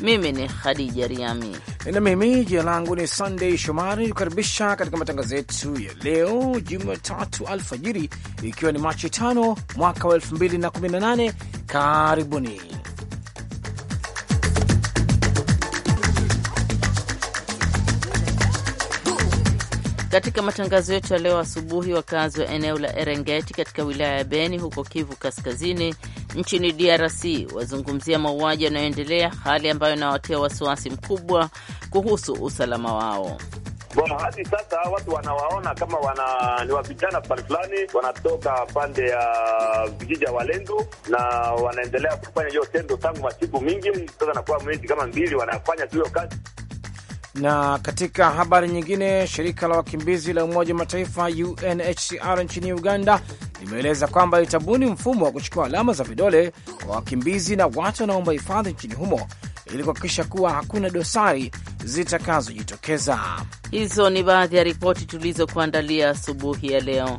Mimi ni Khadija Riami na mimi jina langu ni Sunday Shomari, kukaribisha katika matangazo yetu ya leo Jumatatu alfajiri, ikiwa ni Machi tano mwaka wa 2018. Karibuni katika matangazo yetu ya leo asubuhi. Wakazi wa eneo la Erengeti katika wilaya ya Beni huko Kivu Kaskazini nchini DRC wazungumzia mauaji yanayoendelea, hali ambayo inawatia wasiwasi mkubwa kuhusu usalama wao. Bon, hadi sasa watu wanawaona kama wana ni wavijana pale fulani wanatoka pande ya vijiji ya Walendu na wanaendelea kufanya hiyo tendo tangu masiku mingi sasa, nakuwa mwezi kama mbili wanafanya tu hiyo kazi. Na katika habari nyingine, shirika la wakimbizi la Umoja wa Mataifa UNHCR nchini Uganda limeeleza kwamba litabuni mfumo wa kuchukua alama za vidole kwa wakimbizi na watu wanaomba hifadhi nchini humo ili kuhakikisha kuwa hakuna dosari zitakazojitokeza. Hizo ni baadhi ya ripoti tulizokuandalia asubuhi ya leo.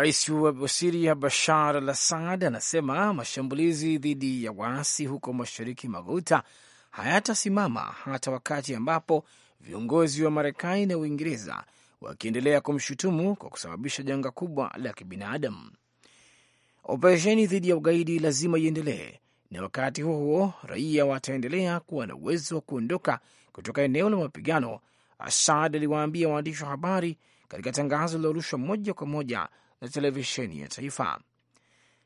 Rais wa Siria Bashar al Assad anasema mashambulizi dhidi ya waasi huko mashariki mwa Ghouta hayatasimama hata wakati ambapo viongozi wa Marekani na Uingereza wakiendelea kumshutumu kwa kusababisha janga kubwa la kibinadamu. Operesheni dhidi ya ugaidi lazima iendelee, na wakati huo huo raia wataendelea kuwa na uwezo wa kuondoka kutoka eneo la mapigano, Assad aliwaambia waandishi wa habari katika tangazo lilorushwa moja kwa moja na televisheni ya taifa.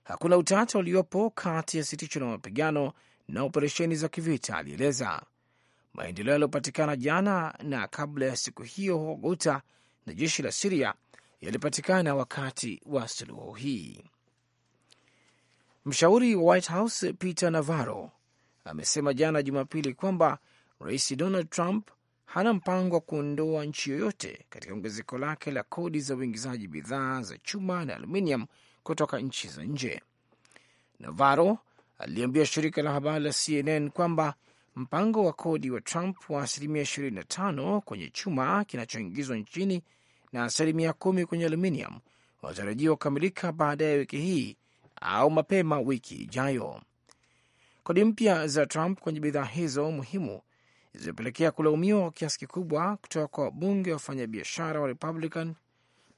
Hakuna utata uliopo kati ya sitisho la mapigano na operesheni za kivita, alieleza. Maendeleo yaliyopatikana jana na kabla ya siku hiyo huko na jeshi la Siria yalipatikana wakati wa suluhu hii. Mshauri wa White House Peter Navarro amesema jana Jumapili kwamba Rais Donald Trump hana mpango wa kuondoa nchi yoyote katika ongezeko lake la kodi za uingizaji bidhaa za chuma na aluminium kutoka nchi za nje. Navarro aliambia shirika la habari la CNN kwamba mpango wa kodi wa Trump wa asilimia 25 kwenye chuma kinachoingizwa nchini na asilimia kumi kwenye aluminium wanatarajiwa kukamilika baada ya wiki hii au mapema wiki ijayo. Kodi mpya za Trump kwenye bidhaa hizo muhimu zimepelekea kulaumiwa kwa kiasi kikubwa kutoka kwa wabunge wa wafanyabiashara wa Republican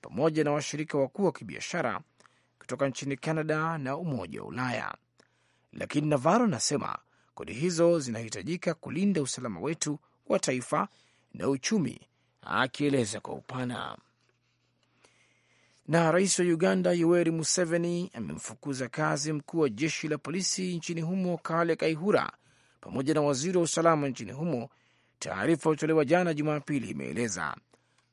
pamoja na washirika wakuu wa kibiashara kutoka nchini Canada na Umoja wa Ulaya. Lakini Navarro anasema kodi hizo zinahitajika kulinda usalama wetu wa taifa na uchumi, akieleza kwa upana. Na rais wa Uganda Yoweri Museveni amemfukuza kazi mkuu wa jeshi la polisi nchini humo Kale Kaihura pamoja na waziri wa usalama nchini humo. Taarifa iliyotolewa jana Jumapili imeeleza.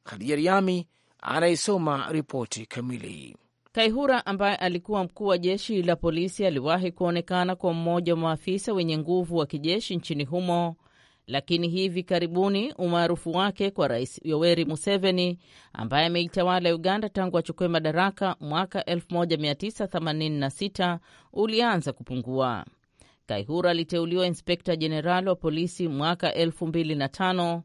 Khadija Riami anaisoma ripoti kamili. Kaihura ambaye alikuwa mkuu wa jeshi la polisi aliwahi kuonekana kwa mmoja wa maafisa wenye nguvu wa kijeshi nchini humo, lakini hivi karibuni umaarufu wake kwa Rais Yoweri Museveni ambaye ameitawala Uganda tangu achukue madaraka mwaka 1986 ulianza kupungua. Kaihura aliteuliwa inspekta jenerali wa polisi mwaka 25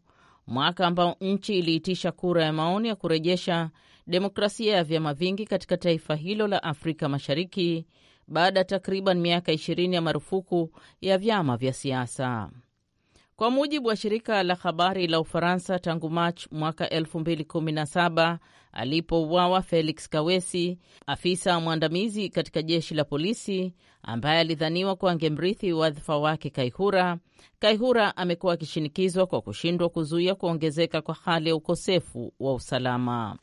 mwaka ambao nchi iliitisha kura ya maoni ya kurejesha demokrasia ya vyama vingi katika taifa hilo la Afrika Mashariki baada ya takriban miaka 20 ya marufuku ya vyama vya siasa. Kwa mujibu wa shirika la habari la Ufaransa, tangu Machi mwaka 2017 alipouawa Felix Kawesi, afisa wa mwandamizi katika jeshi la polisi ambaye alidhaniwa kuwa angemrithi wadhifa wake Kaihura. Kaihura amekuwa akishinikizwa kwa kushindwa kuzuia kuongezeka kwa hali ya ukosefu wa usalama.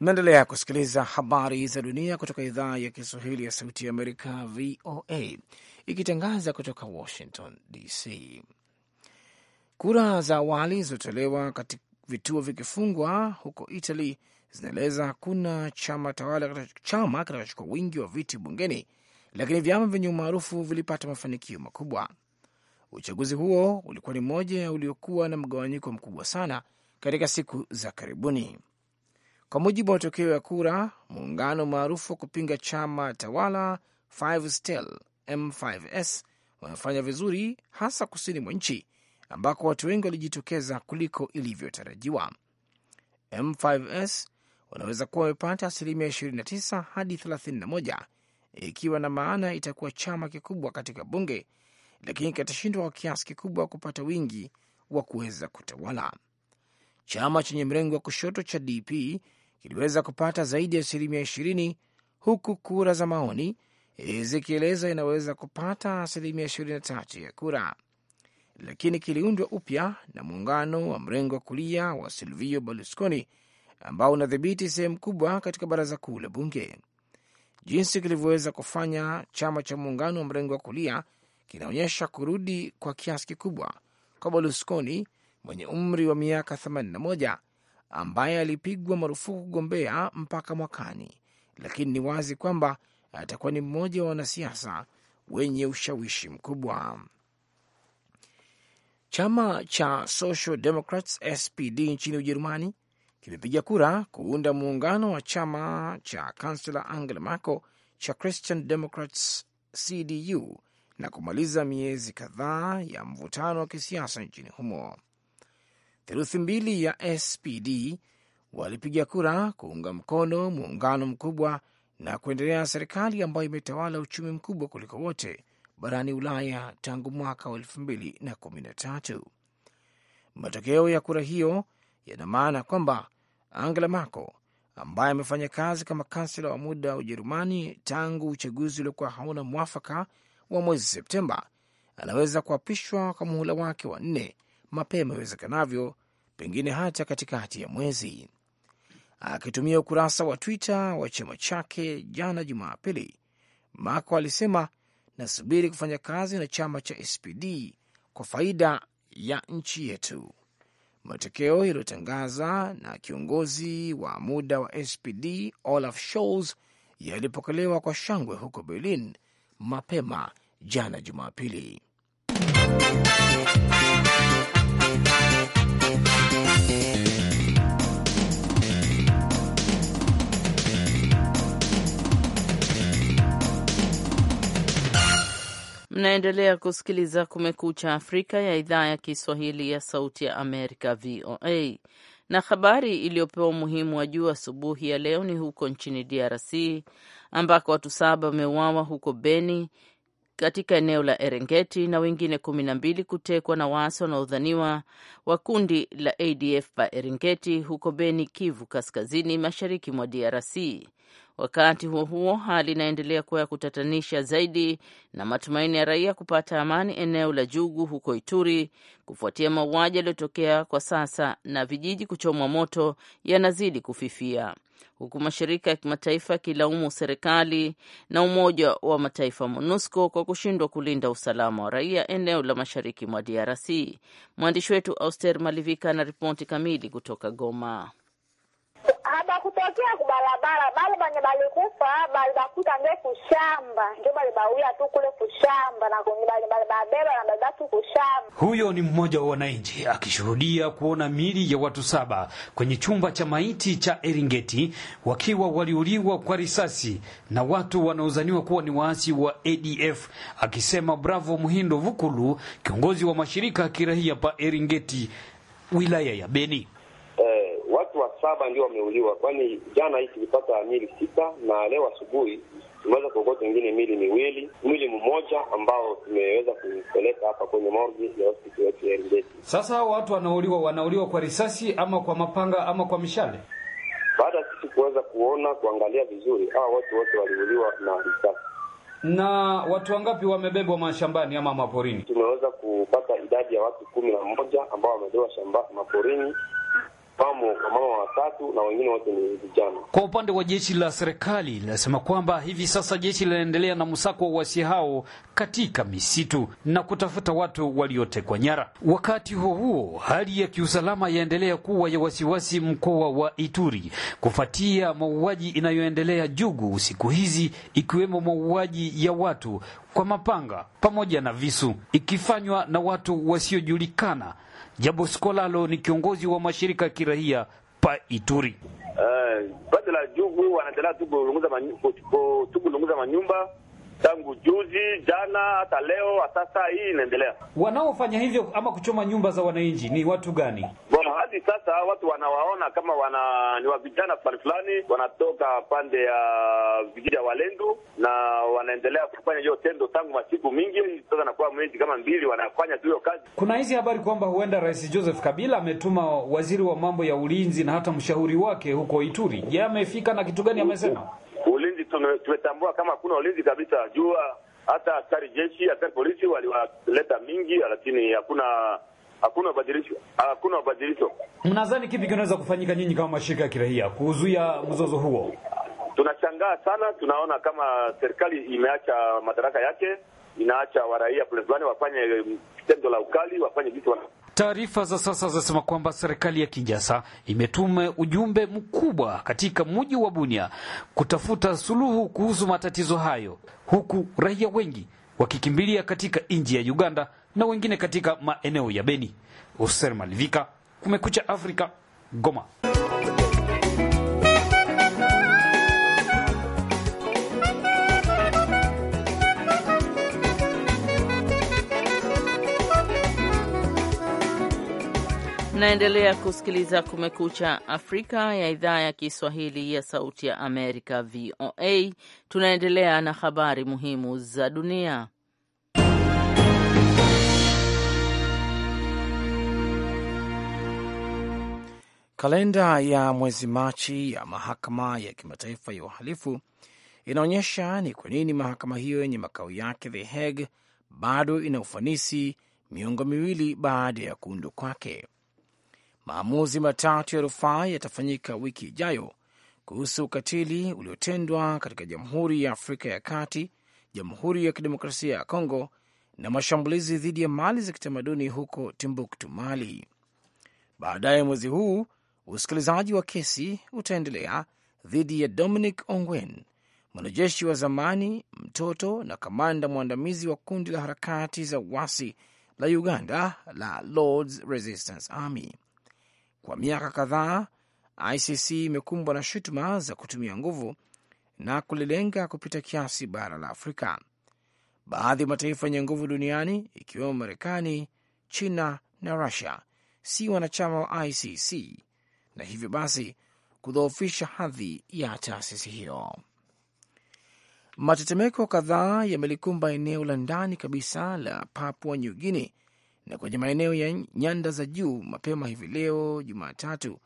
Mnaendelea kusikiliza habari za dunia kutoka idhaa ya Kiswahili ya Sauti ya Amerika, VOA, ikitangaza kutoka Washington DC. Kura za awali zilizotolewa katika vituo vikifungwa huko Italy zinaeleza hakuna chama tawala chama kinachochukua wingi wa viti bungeni, lakini vyama vyenye umaarufu vilipata mafanikio makubwa. Uchaguzi huo ulikuwa ni moja uliokuwa na mgawanyiko mkubwa sana katika siku za karibuni. Kwa mujibu wa matokeo ya kura, muungano maarufu wa kupinga chama tawala Stelle M5S wanafanya vizuri hasa kusini mwa nchi ambako watu wengi walijitokeza kuliko ilivyotarajiwa. M5S wanaweza kuwa wamepata asilimia 29 hadi 31, ikiwa na maana itakuwa chama kikubwa katika bunge, lakini kitashindwa kwa kiasi kikubwa kupata wingi wa kuweza kutawala. Chama chenye mrengo wa kushoto cha DP kiliweza kupata zaidi ya asilimia 20, huku kura za maoni zikieleza inaweza kupata asilimia 23 ya kura lakini kiliundwa upya na muungano wa mrengo wa kulia wa Silvio Berlusconi ambao unadhibiti sehemu kubwa katika baraza kuu la bunge. Jinsi kilivyoweza kufanya chama cha muungano wa mrengo wa kulia kinaonyesha kurudi kwa kiasi kikubwa kwa Berlusconi mwenye umri wa miaka 81 ambaye alipigwa marufuku kugombea mpaka mwakani, lakini ni wazi kwamba atakuwa ni mmoja wa wanasiasa wenye ushawishi mkubwa. Chama cha Social Democrats SPD nchini Ujerumani kimepiga kura kuunda muungano wa chama cha kansela Angela Merkel cha Christian Democrats CDU na kumaliza miezi kadhaa ya mvutano wa kisiasa nchini humo. Theluthi mbili ya SPD walipiga kura kuunga mkono muungano mkubwa na kuendelea na serikali ambayo imetawala uchumi mkubwa kuliko wote barani Ulaya tangu mwaka wa elfu mbili na kumi na tatu. Matokeo ya kura hiyo yana maana kwamba Angela Merkel ambaye amefanya kazi kama kansela wa muda wa Ujerumani tangu uchaguzi uliokuwa hauna mwafaka wa mwezi Septemba anaweza kuapishwa kwa muhula wake wa nne mapema iwezekanavyo, pengine hata katikati ya mwezi. Akitumia ukurasa wa Twitter wa chama chake jana Jumapili, Merkel alisema nasubiri kufanya kazi na chama cha SPD kwa faida ya nchi yetu. Matokeo yaliyotangaza na kiongozi wa muda wa SPD Olaf Scholz yalipokelewa kwa shangwe huko Berlin mapema jana Jumapili. Mnaendelea kusikiliza Kumekucha Afrika ya idhaa ya Kiswahili ya Sauti ya Amerika, VOA. Na habari iliyopewa umuhimu wa juu asubuhi ya leo ni huko nchini DRC ambako watu saba wameuawa huko Beni katika eneo la Erengeti na wengine kumi na mbili kutekwa na waasi wanaodhaniwa wa kundi la ADF pa Erengeti huko Beni, Kivu Kaskazini, mashariki mwa DRC. Wakati huo huo, hali inaendelea kuwa ya kutatanisha zaidi na matumaini ya raia kupata amani eneo la Jugu huko Ituri kufuatia mauaji yaliyotokea kwa sasa na vijiji kuchomwa moto yanazidi kufifia huku mashirika ya kimataifa yakilaumu serikali na Umoja wa Mataifa MONUSCO kwa kushindwa kulinda usalama wa raia eneo la mashariki mwa DRC. Mwandishi wetu Auster Malivika ana ripoti kamili kutoka Goma. Ilitokea kubarabara bali banye balikufa bali bakuta nge kushamba ndio bali bauya tu kule kushamba na kwenye bali bali babeba na baba tu kushamba. Huyo ni mmoja wa wananchi akishuhudia kuona miili ya watu saba kwenye chumba cha maiti cha Eringeti wakiwa waliuliwa kwa risasi na watu wanaozaniwa kuwa ni waasi wa ADF, akisema Bravo Muhindo Vukulu, kiongozi wa mashirika ya kiraia pa Eringeti wilaya ya Beni saba ndio wameuliwa, kwani jana hii tulipata mili sita na leo asubuhi tumeweza kuokota wengine mili miwili, mwili mmoja ambao tumeweza kupeleka hapa kwenye morgi ya hospitali yetu ya Iringa. Sasa hao watu wanauliwa, wanauliwa kwa risasi ama kwa mapanga ama kwa mishale? Baada ya sisi kuweza kuona kuangalia vizuri, hawa watu wote waliuliwa na risasi. Na watu wangapi wamebebwa mashambani ama maporini? Tumeweza kupata idadi ya watu kumi na moja ambao wamebebwa shamba maporini wamo kwa watatu na wengine wote ni vijana. Kwa upande wa jeshi la serikali linasema kwamba hivi sasa jeshi linaendelea na msako wa wasi hao katika misitu na kutafuta watu waliotekwa nyara. Wakati huo huo, hali ya kiusalama yaendelea kuwa ya wasiwasi mkoa wa Ituri kufuatia mauaji inayoendelea Jugu siku hizi, ikiwemo mauaji ya watu kwa mapanga pamoja na visu, ikifanywa na watu wasiojulikana. Jabo Skolalo ni kiongozi wa mashirika ya kirahia pa Ituri. Uh, eh, badala la jugu wanaendelea tu kulunguza manyumba tangu juzi jana, hata leo, sasa hii inaendelea. Wanaofanya hivyo ama kuchoma nyumba za wananchi ni watu gani? Bwana, hadi sasa watu wanawaona kama wana ni wa vijana fulani fulani, wanatoka pande ya vijiji ya Walendu na wanaendelea kufanya hiyo tendo tangu masiku mingi sasa, nakuwa mwezi kama mbili wanafanya tu hiyo kazi. Kuna hizi habari kwamba huenda Rais Joseph Kabila ametuma waziri wa mambo ya ulinzi na hata mshauri wake huko Ituri. Je, amefika na kitu gani amesema? tumetambua kama hakuna ulinzi kabisa. Jua hata askari jeshi, askari polisi waliwaleta mingi, lakini hakuna hakuna ubadilisho, hakuna ubadilisho. Mnadhani kipi kinaweza kufanyika nyinyi kama mashirika ya kiraia kuzuia mzozo huo? Tunashangaa sana, tunaona kama serikali imeacha madaraka yake, inaacha waraia fulani wafanye tendo la ukali, wafanye vitu wana Taarifa za sasa zinasema kwamba serikali ya Kinjasa imetuma ujumbe mkubwa katika mji wa Bunia kutafuta suluhu kuhusu matatizo hayo, huku raia wengi wakikimbilia katika nchi ya Uganda na wengine katika maeneo ya Beni. Hoser Malivika, Kumekucha Afrika, Goma. Mnaendelea kusikiliza Kumekucha Afrika ya idhaa ya Kiswahili ya Sauti ya Amerika, VOA. Tunaendelea na habari muhimu za dunia. Kalenda ya mwezi Machi ya Mahakama ya Kimataifa ya Uhalifu inaonyesha ni kwa nini mahakama hiyo yenye makao yake The Hague bado ina ufanisi miongo miwili baada ya kuundwa kwake. Maamuzi matatu ya rufaa yatafanyika wiki ijayo kuhusu ukatili uliotendwa katika Jamhuri ya Afrika ya Kati, Jamhuri ya Kidemokrasia ya Kongo na mashambulizi dhidi ya mali za kitamaduni huko Timbuktu, Mali. Baadaye mwezi huu usikilizaji wa kesi utaendelea dhidi ya Dominic Ongwen, mwanajeshi wa zamani, mtoto na kamanda mwandamizi wa kundi la harakati za uasi la Uganda la Lords Resistance Army. Kwa miaka kadhaa, ICC imekumbwa na shutuma za kutumia nguvu na kulilenga kupita kiasi bara la Afrika. Baadhi ya mataifa yenye nguvu duniani ikiwemo Marekani, China na Rusia si wanachama wa ICC na hivyo basi kudhoofisha hadhi ya taasisi hiyo. Matetemeko kadhaa yamelikumba eneo la ndani kabisa la Papua New Guinea na kwenye maeneo ya nyanda za juu mapema hivi leo Jumatatu,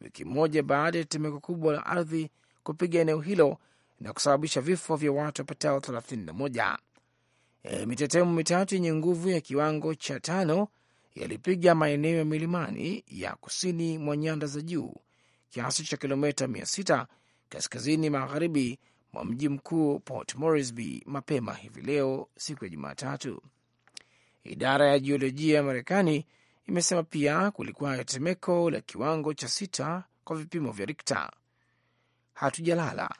wiki moja baada ya tetemeko kubwa la ardhi kupiga eneo hilo na kusababisha vifo vya watu wapatao 31. E, mitetemo mitatu yenye nguvu ya kiwango cha tano yalipiga maeneo ya milimani ya kusini mwa nyanda za juu kiasi cha kilomita 600 kaskazini magharibi mwa mji mkuu Port Moresby mapema hivi leo siku ya Jumatatu. Idara ya jiolojia ya Marekani imesema pia kulikuwa na tetemeko la kiwango cha sita kwa vipimo vya Rikta. Hatujalala,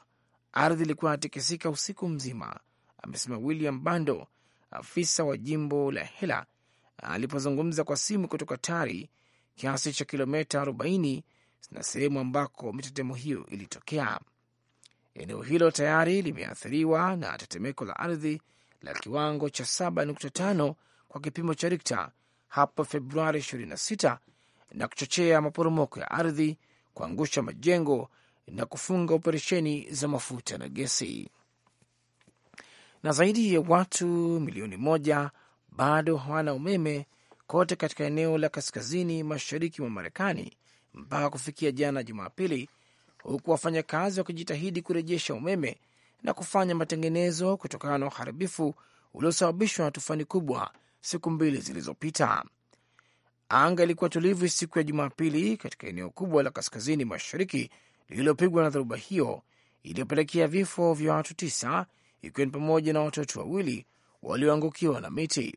ardhi ilikuwa inatikisika usiku mzima, amesema William Bando, afisa wa jimbo la Hela, alipozungumza kwa simu kutoka Tari, kiasi cha kilomita 40 na sehemu ambako mitetemo hiyo ilitokea. Eneo hilo tayari limeathiriwa na tetemeko la ardhi la kiwango cha 7.5 kwa kipimo cha Rikta hapo Februari 26 na kuchochea maporomoko ya ardhi, kuangusha majengo na kufunga operesheni za mafuta na gesi. Na zaidi ya watu milioni moja bado hawana umeme kote katika eneo la kaskazini mashariki mwa Marekani mpaka kufikia jana Jumapili, huku wafanyakazi wakijitahidi kurejesha umeme na kufanya matengenezo kutokana na uharibifu uliosababishwa na tufani kubwa siku mbili zilizopita. Anga ilikuwa tulivu siku ya Jumapili katika eneo kubwa la kaskazini mashariki lililopigwa na dharuba hiyo iliyopelekea vifo vya watu tisa, ikiwa ni pamoja na watoto wawili walioangukiwa na miti.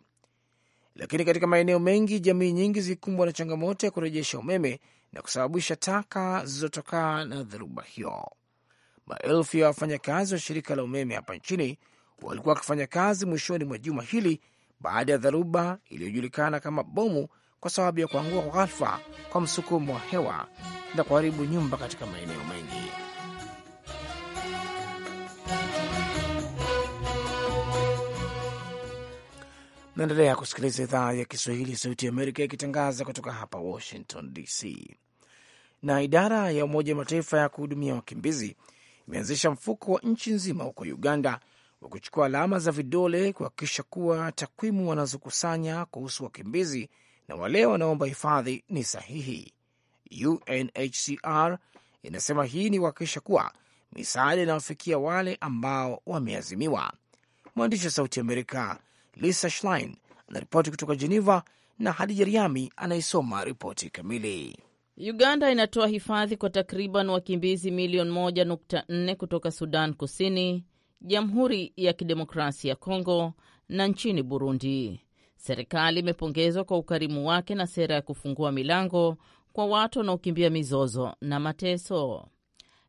Lakini katika maeneo mengi, jamii nyingi zilikumbwa na changamoto ya kurejesha umeme na kusababisha taka zilizotokana na dharuba hiyo. Maelfu ya wafanyakazi wa shirika la umeme hapa nchini walikuwa wakifanya kazi mwishoni mwa juma hili baada ya dharuba iliyojulikana kama bomu kwa sababu ya kuangua kwa ghafla kwa msukumo wa hewa na kuharibu nyumba katika maeneo mengi. Naendelea kusikiliza idhaa ya Kiswahili ya Sauti ya Amerika ikitangaza kutoka hapa Washington DC. Na idara ya Umoja wa Mataifa ya kuhudumia wakimbizi imeanzisha mfuko wa nchi nzima huko Uganda wa kuchukua alama za vidole kuhakikisha kuwa takwimu wanazokusanya kuhusu wakimbizi na wale wanaomba hifadhi ni sahihi. UNHCR inasema hii ni kuhakikisha kuwa misaada inawafikia wale ambao wameazimiwa. Mwandishi wa Sauti Amerika Lisa Schlein anaripoti kutoka Geneva na Hadija Riami anayesoma ripoti kamili. Uganda inatoa hifadhi kwa takriban wakimbizi milioni 1.4 kutoka Sudan Kusini, Jamhuri ya Kidemokrasia ya Kongo na nchini Burundi. Serikali imepongezwa kwa ukarimu wake na sera ya kufungua milango kwa watu wanaokimbia mizozo na mateso.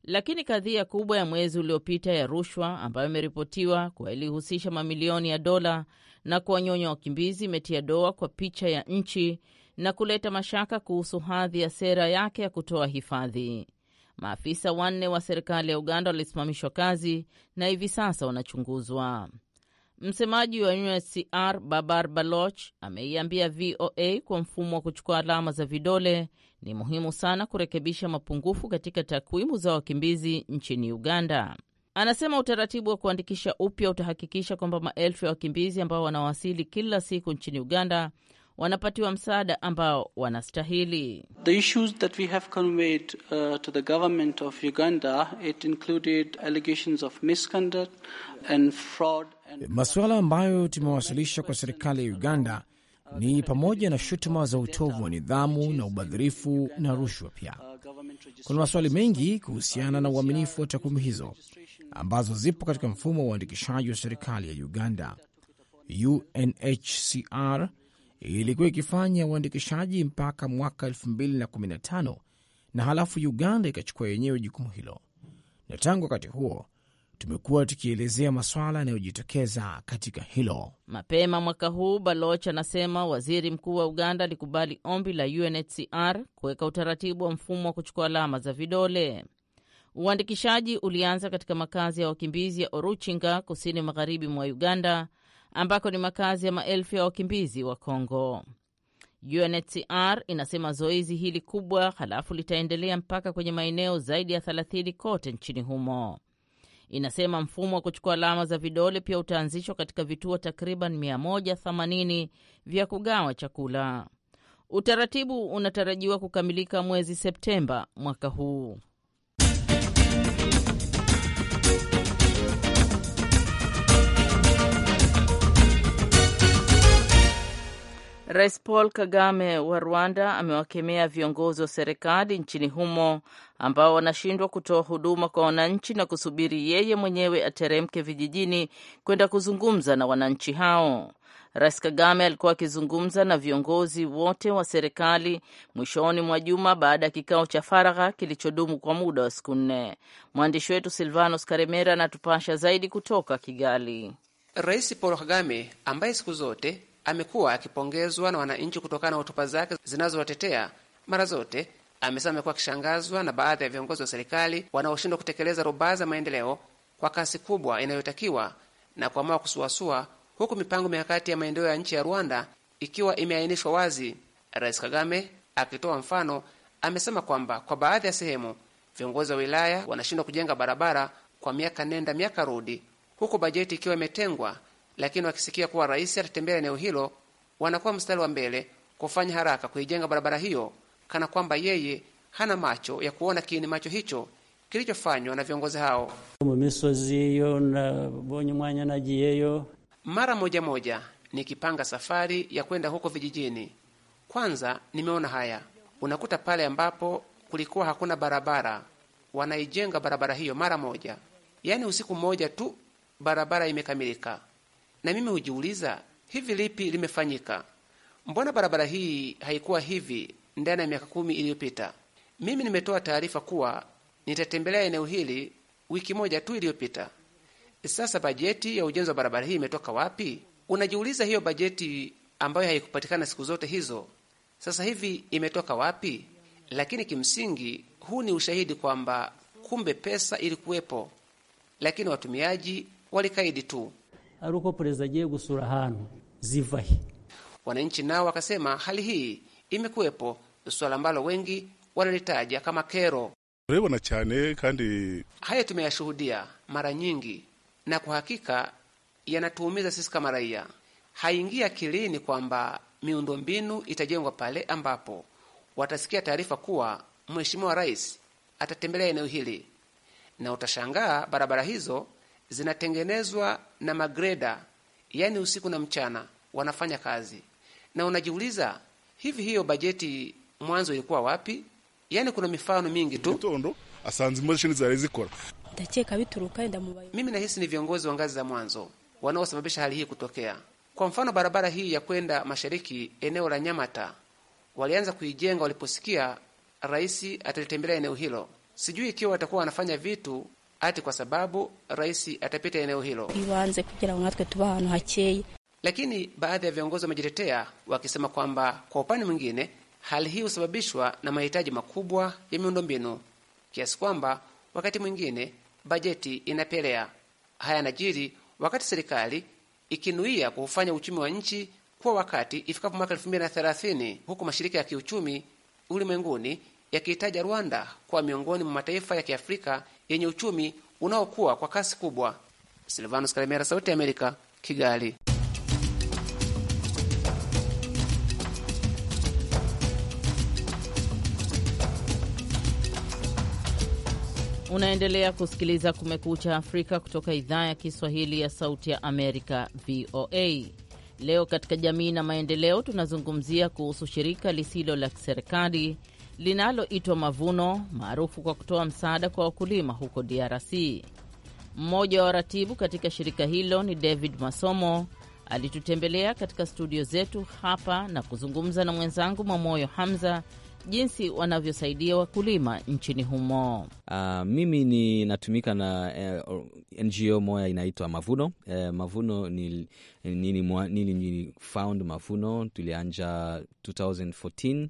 Lakini kadhia kubwa ya mwezi uliopita ya rushwa ambayo imeripotiwa kuwa ilihusisha mamilioni ya dola na kuwanyonya wakimbizi imetia doa kwa picha ya nchi na kuleta mashaka kuhusu hadhi ya sera yake ya kutoa hifadhi. Maafisa wanne wa serikali ya Uganda walisimamishwa kazi na hivi sasa wanachunguzwa. Msemaji wa UNHCR Babar Baloch ameiambia VOA kwa mfumo wa kuchukua alama za vidole ni muhimu sana kurekebisha mapungufu katika takwimu za wakimbizi nchini Uganda. Anasema utaratibu wa kuandikisha upya utahakikisha kwamba maelfu ya wakimbizi ambao wanawasili kila siku nchini Uganda wanapatiwa msaada ambao wanastahili. The issues that we have conveyed uh, to the government of Uganda it included allegations of misconduct and fraud and... Eh, masuala ambayo tumewasilisha kwa serikali ya Uganda ni pamoja na shutuma za utovu wa nidhamu na ubadhirifu na rushwa. Pia kuna maswali mengi kuhusiana na uaminifu wa takwimu hizo ambazo zipo katika mfumo wa uandikishaji wa serikali ya Uganda. UNHCR ilikuwa ikifanya uandikishaji mpaka mwaka 2015 na halafu Uganda ikachukua yenyewe jukumu hilo, na tangu wakati huo tumekuwa tukielezea maswala yanayojitokeza katika hilo. Mapema mwaka huu, Baloch anasema waziri mkuu wa Uganda alikubali ombi la UNHCR kuweka utaratibu wa mfumo wa kuchukua alama za vidole. Uandikishaji ulianza katika makazi ya wakimbizi ya Oruchinga, kusini magharibi mwa Uganda, ambako ni makazi ya maelfu ya wakimbizi wa Kongo. UNHCR inasema zoezi hili kubwa halafu litaendelea mpaka kwenye maeneo zaidi ya 30 kote nchini humo. Inasema mfumo wa kuchukua alama za vidole pia utaanzishwa katika vituo takriban 180 vya kugawa chakula. Utaratibu unatarajiwa kukamilika mwezi Septemba mwaka huu. Rais Paul Kagame wa Rwanda amewakemea viongozi wa serikali nchini humo ambao wanashindwa kutoa huduma kwa wananchi na kusubiri yeye mwenyewe ateremke vijijini kwenda kuzungumza na wananchi hao. Rais Kagame alikuwa akizungumza na viongozi wote wa serikali mwishoni mwa juma baada ya kikao cha faragha kilichodumu kwa muda wa siku nne. Mwandishi wetu Silvanos Karemera anatupasha zaidi kutoka Kigali. Rais Paul Kagame ambaye siku zote amekuwa akipongezwa na wananchi kutokana na hotuba zake zinazowatetea mara zote. Amesema amekuwa akishangazwa na baadhi ya viongozi wa serikali wanaoshindwa kutekeleza rubaa za maendeleo kwa kasi kubwa inayotakiwa na kuamua kusuasua, huku mipango mikakati ya maendeleo ya nchi ya Rwanda ikiwa imeainishwa wazi. Rais Kagame akitoa mfano, amesema kwamba kwa baadhi ya sehemu viongozi wa wilaya wanashindwa kujenga barabara kwa miaka nenda miaka rudi, huku bajeti ikiwa imetengwa lakini wakisikia kuwa rais atatembea eneo hilo, wanakuwa mstari wa mbele kufanya haraka kuijenga barabara hiyo, kana kwamba yeye hana macho ya kuona kiini macho hicho kilichofanywa na viongozi hao. Mara moja moja nikipanga safari ya kwenda huko vijijini, kwanza nimeona haya. Unakuta pale ambapo kulikuwa hakuna barabara, wanaijenga barabara hiyo mara moja, yaani usiku mmoja tu barabara imekamilika. Na mimi hujiuliza hivi, lipi limefanyika? Mbona barabara hii haikuwa hivi ndani ya miaka kumi iliyopita? Mimi nimetoa taarifa kuwa nitatembelea eneo hili wiki moja tu iliyopita. Sasa bajeti ya ujenzi wa barabara hii imetoka wapi? Unajiuliza, hiyo bajeti ambayo haikupatikana siku zote hizo, sasa hivi imetoka wapi? Lakini kimsingi huu ni ushahidi kwamba kumbe pesa ilikuwepo, lakini watumiaji walikaidi tu ari uko perezida agiye gusura ahantu ziva Wananchi nao wakasema hali hii imekuwepo, swala ambalo wengi wanalitaja kama kero. urebona cyane kandi haya tumeyashuhudia mara nyingi, na kwa hakika yanatuumiza sisi kama raia. Haingia akilini kwamba miundombinu itajengwa pale ambapo watasikia taarifa kuwa Mheshimiwa Rais atatembelea eneo hili, na utashangaa barabara hizo zinatengenezwa na magreda, yani usiku na mchana wanafanya kazi, na unajiuliza hivi, hiyo bajeti mwanzo ilikuwa wapi? Yani kuna mifano mingi tu Mitondo. Mimi nahisi ni viongozi wa ngazi za mwanzo wanaosababisha hali hii kutokea. Kwa mfano, barabara hii ya kwenda mashariki eneo la Nyamata walianza kuijenga waliposikia rais atalitembelea eneo hilo. Sijui ikiwa watakuwa wanafanya vitu ati kwa sababu rais atapita eneo hilo iwanze kugira ngo natwe tuba ahantu hakeye. Lakini baadhi ya viongozi wamejitetea wakisema kwamba kwa upande mwingine hali hii husababishwa na mahitaji makubwa ya miundombinu kiasi kwamba wakati mwingine bajeti inapelea. Haya najiri wakati serikali ikinuia kuufanya uchumi wa nchi kuwa wakati ifikapo mwaka elfu mbili na thelathini, huku mashirika ya kiuchumi ulimwenguni yakihitaja Rwanda kuwa miongoni mwa mataifa ya kiafrika yenye uchumi unaokuwa kwa kasi kubwa. Silvanus Kalemera, Sauti ya Amerika, Kigali. Unaendelea kusikiliza Kumekucha Afrika kutoka idhaa ya Kiswahili ya Sauti ya Amerika, VOA. Leo katika Jamii na Maendeleo tunazungumzia kuhusu shirika lisilo la kiserikali linaloitwa Mavuno, maarufu kwa kutoa msaada kwa wakulima huko DRC. Mmoja wa ratibu katika shirika hilo ni David Masomo, alitutembelea katika studio zetu hapa na kuzungumza na mwenzangu Mwamoyo Hamza jinsi wanavyosaidia wakulima nchini humo. Uh, mimi ninatumika na uh, eh, NGO moya inaitwa Mavuno. Uh, Mavuno nili, nili, nili found Mavuno tulianja 2014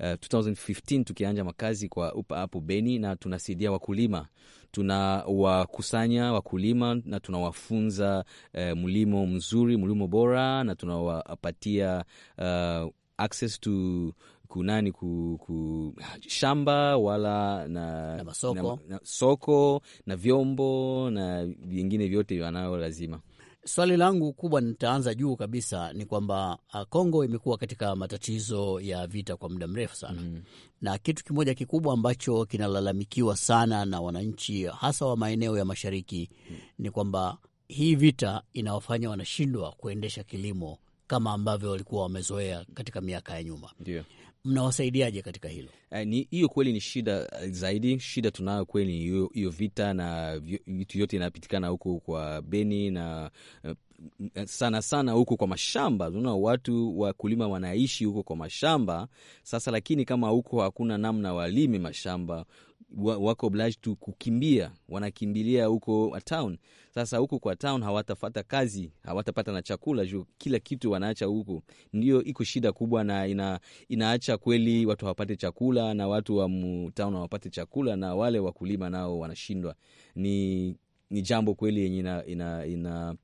uh, eh, 2015 tukianja makazi kwa upa hapo Beni, na tunasaidia wakulima, tunawakusanya wakulima na tunawafunza uh, mlimo mzuri, mlimo bora, na tunawapatia uh, access to kunani ku, ku shamba wala na, na, na soko na vyombo na vingine vyote wanao lazima. Swali langu kubwa, nitaanza juu kabisa, ni kwamba Kongo uh, imekuwa katika matatizo ya vita kwa muda mrefu sana mm. na kitu kimoja kikubwa ambacho kinalalamikiwa sana na wananchi hasa wa maeneo ya mashariki mm. ni kwamba hii vita inawafanya wanashindwa kuendesha kilimo kama ambavyo walikuwa wamezoea katika miaka ya nyuma. Yeah mnawasaidiaje katika hilo? Eh, hiyo kweli ni shida eh, zaidi. Shida tunayo kweli ni hiyo vita na vitu yote inapitikana huko kwa Beni na eh, sana sana huko kwa mashamba, Unaona, watu wakulima wanaishi huko kwa mashamba sasa, lakini kama huko hakuna namna walime mashamba, wako obliged tu kukimbia, wanakimbilia huko town. Sasa huko kwa town hawatafata kazi, hawatapata na chakula juu kila kitu wanaacha huko. Ndio iko shida kubwa, na ina, inaacha kweli watu hawapate chakula na watu wa town hawapate chakula na wale wakulima nao wanashindwa. Ni, ni jambo kweli yenye ina, ina, ina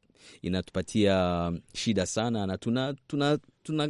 inatupatia shida sana na tuna, tuna, tuna,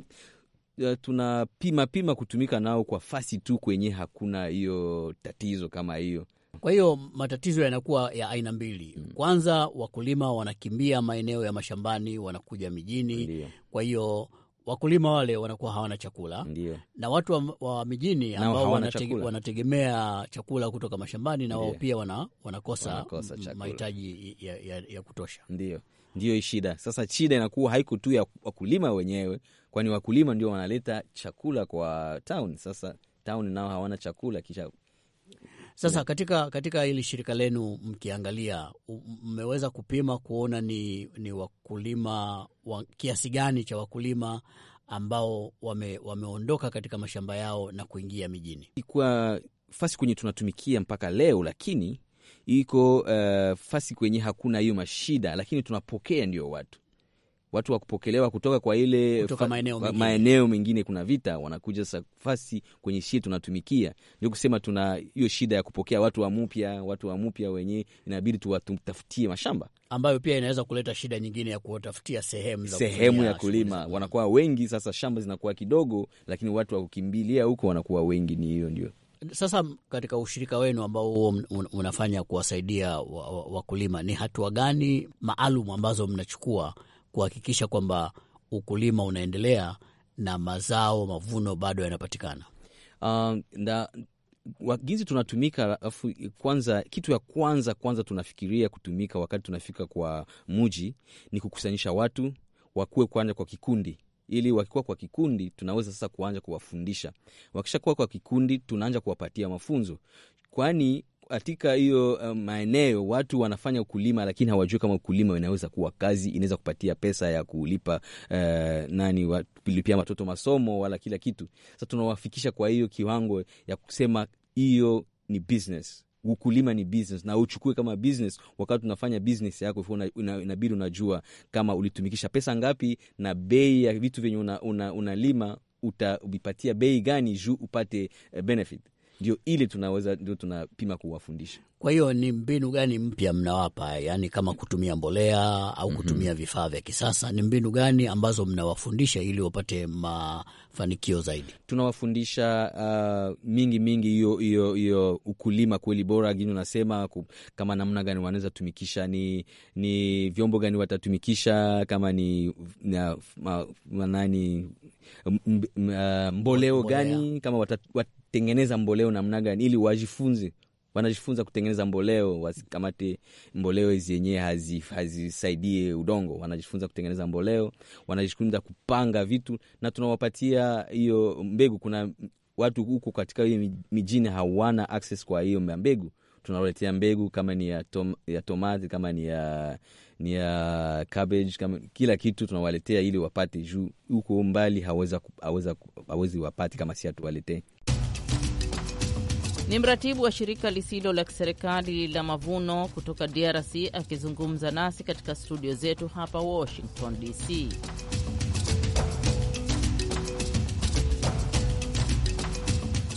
Eh, tunapima pima kutumika nao kwa fasi tu kwenye hakuna hiyo tatizo kama hiyo. Kwa hiyo matatizo yanakuwa ya aina mbili. Hmm. Kwanza, wakulima wanakimbia maeneo ya mashambani, wanakuja mijini. Ndiyo. Kwa hiyo wakulima wale wanakuwa hawana chakula. Ndiyo. na watu wa, wa mijini ambao wanatege, wanategemea chakula kutoka mashambani na wao pia wana, wanakosa, wanakosa mahitaji ya, ya, ya kutosha. Ndiyo, ndiyo shida sasa. Shida inakuwa haiko tu ya wakulima wenyewe kwani wakulima ndio wanaleta chakula kwa town. Sasa town nao hawana chakula kisha sasa katika katika hili shirika lenu mkiangalia, mmeweza kupima kuona ni, ni wakulima wa, kiasi gani cha wakulima ambao wame, wameondoka katika mashamba yao na kuingia mijini? Kwa fasi kwenye tunatumikia mpaka leo, lakini iko uh, fasi kwenye hakuna hiyo mashida, lakini tunapokea ndio watu watu wakupokelewa kutoka kwa ile kutoka maeneo, mingine. maeneo mengine kuna vita wanakuja safasi kwenye shie tunatumikia, ndio kusema tuna hiyo shida ya kupokea watu wa Watu wa mupya wenyewe inabidi tuwatafutie mashamba ambayo pia inaweza kuleta shida nyingine ya kuwatafutia sehemu za sehemu ya kulima. Wanakuwa wengi sasa, shamba zinakuwa kidogo, lakini watu wa kukimbilia huko wanakuwa wengi. Ni hiyo ndio sasa katika ushirika wenu ambao huo unafanya kuwasaidia wakulima, ni hatua gani maalum ambazo mnachukua kuhakikisha kwamba ukulima unaendelea na mazao mavuno bado yanapatikana. Uh, ah, na wagizi tunatumika, alafu kwanza, kitu ya kwanza kwanza tunafikiria kutumika wakati tunafika kwa muji ni kukusanyisha watu wakuwe kwanza kwa kikundi ili wakikuwa kwa kikundi tunaweza sasa kuanja kuwafundisha. Wakishakuwa kwa kikundi, tunaanja kuwapatia mafunzo, kwani katika hiyo uh, maeneo watu wanafanya ukulima, lakini hawajui kama ukulima inaweza kuwa kazi, inaweza kupatia pesa ya kulipa uh, nani kulipia watoto masomo wala kila kitu. Sasa tunawafikisha kwa hiyo kiwango ya kusema hiyo ni business. Ukulima ni business na uchukue kama business. Wakati unafanya business yako, inabidi unajua kama ulitumikisha pesa ngapi na bei ya vitu vyenye unalima una, una utavipatia bei gani juu upate eh, benefit ndio ile tunaweza ndio tunapima kuwafundisha. Kwa hiyo ni mbinu gani mpya mnawapa, yaani kama kutumia mbolea au mhm. kutumia mm -hmm. vifaa vya kisasa? Ni mbinu gani ambazo mnawafundisha ili wapate mafanikio zaidi? Tunawafundisha uh, mingi mingi, hiyo hiyo hiyo ukulima kweli bora gini unasema kama namna gani wanaweza tumikisha, ni, ni vyombo gani watatumikisha, kama ni na, ma, manani uh, mboleo gani kama watat, wat, kutengeneza mboleo namna gani, ili wajifunze wanajifunza kutengeneza mboleo, wasikamate mboleo hizi yenyewe hazisaidie udongo. Wanajifunza kutengeneza mboleo, wanajifunza kupanga vitu, na tunawapatia hiyo mbegu. Kuna watu huku katika hiyo mijini hawana access kwa hiyo mbegu, tunawaletea mbegu kama ni ya, tom, ya tomati kama ni ya, ni ya cabbage kama kila kitu tunawaletea ili wapate, juu huko mbali hawezi wapate kama si hatuwaletee ni mratibu wa shirika lisilo la kiserikali la Mavuno kutoka DRC akizungumza nasi katika studio zetu hapa Washington DC.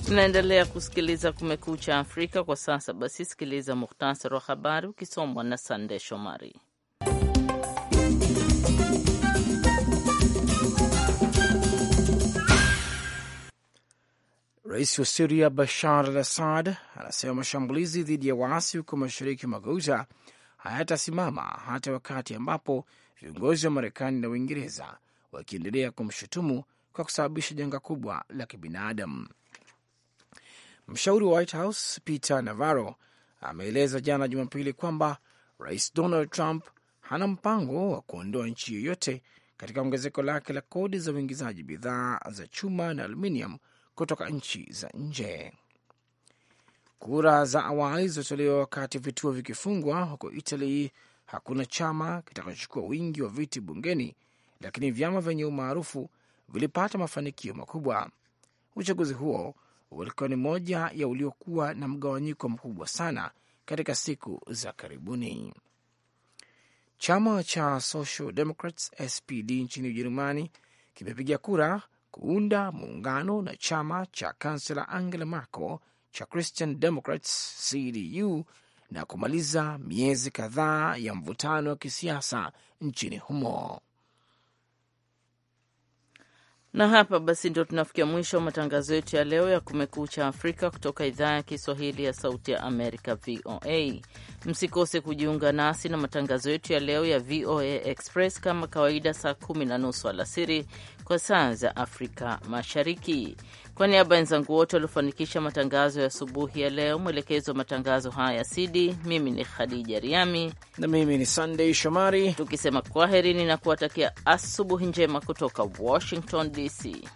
Tunaendelea kusikiliza Kumekucha Afrika kwa sasa. Basi sikiliza muhtasari wa habari ukisomwa na Sande Shomari. Rais wa Siria Bashar al Assad anasema mashambulizi dhidi ya waasi huko mashariki mwa Ghouta hayatasimama hata wakati ambapo viongozi wa Marekani na Uingereza wakiendelea kumshutumu kwa kusababisha janga kubwa la kibinadamu. Mshauri wa White House Peter Navarro ameeleza jana Jumapili kwamba Rais Donald Trump hana mpango wa kuondoa nchi yoyote katika ongezeko lake la kodi za uingizaji bidhaa za chuma na aluminium kutoka nchi za nje. Kura za awali zilizotolewa wakati vituo vikifungwa huko Italy. Hakuna chama kitakachochukua wingi wa viti bungeni, lakini vyama vyenye umaarufu vilipata mafanikio makubwa. Uchaguzi huo ulikuwa ni moja ya uliokuwa na mgawanyiko mkubwa sana katika siku za karibuni. Chama cha Social Democrats SPD nchini Ujerumani kimepiga kura kuunda muungano na chama cha kansela Angela Merkel cha Christian Democrats CDU na kumaliza miezi kadhaa ya mvutano wa kisiasa nchini humo. Na hapa basi ndio tunafikia mwisho wa matangazo yetu ya leo ya Kumekucha Afrika kutoka idhaa ya Kiswahili ya Sauti ya Amerika, VOA. Msikose kujiunga nasi na matangazo yetu ya leo ya VOA Express kama kawaida, saa kumi na nusu alasiri kwa saa za Afrika Mashariki. Kwa niaba ya wenzangu wote waliofanikisha matangazo ya asubuhi ya leo, mwelekezi wa matangazo haya ya Sidi, mimi ni Khadija Riami na mimi ni Sandei Shomari, tukisema kwaherini na kuwatakia asubuhi njema kutoka Washington DC.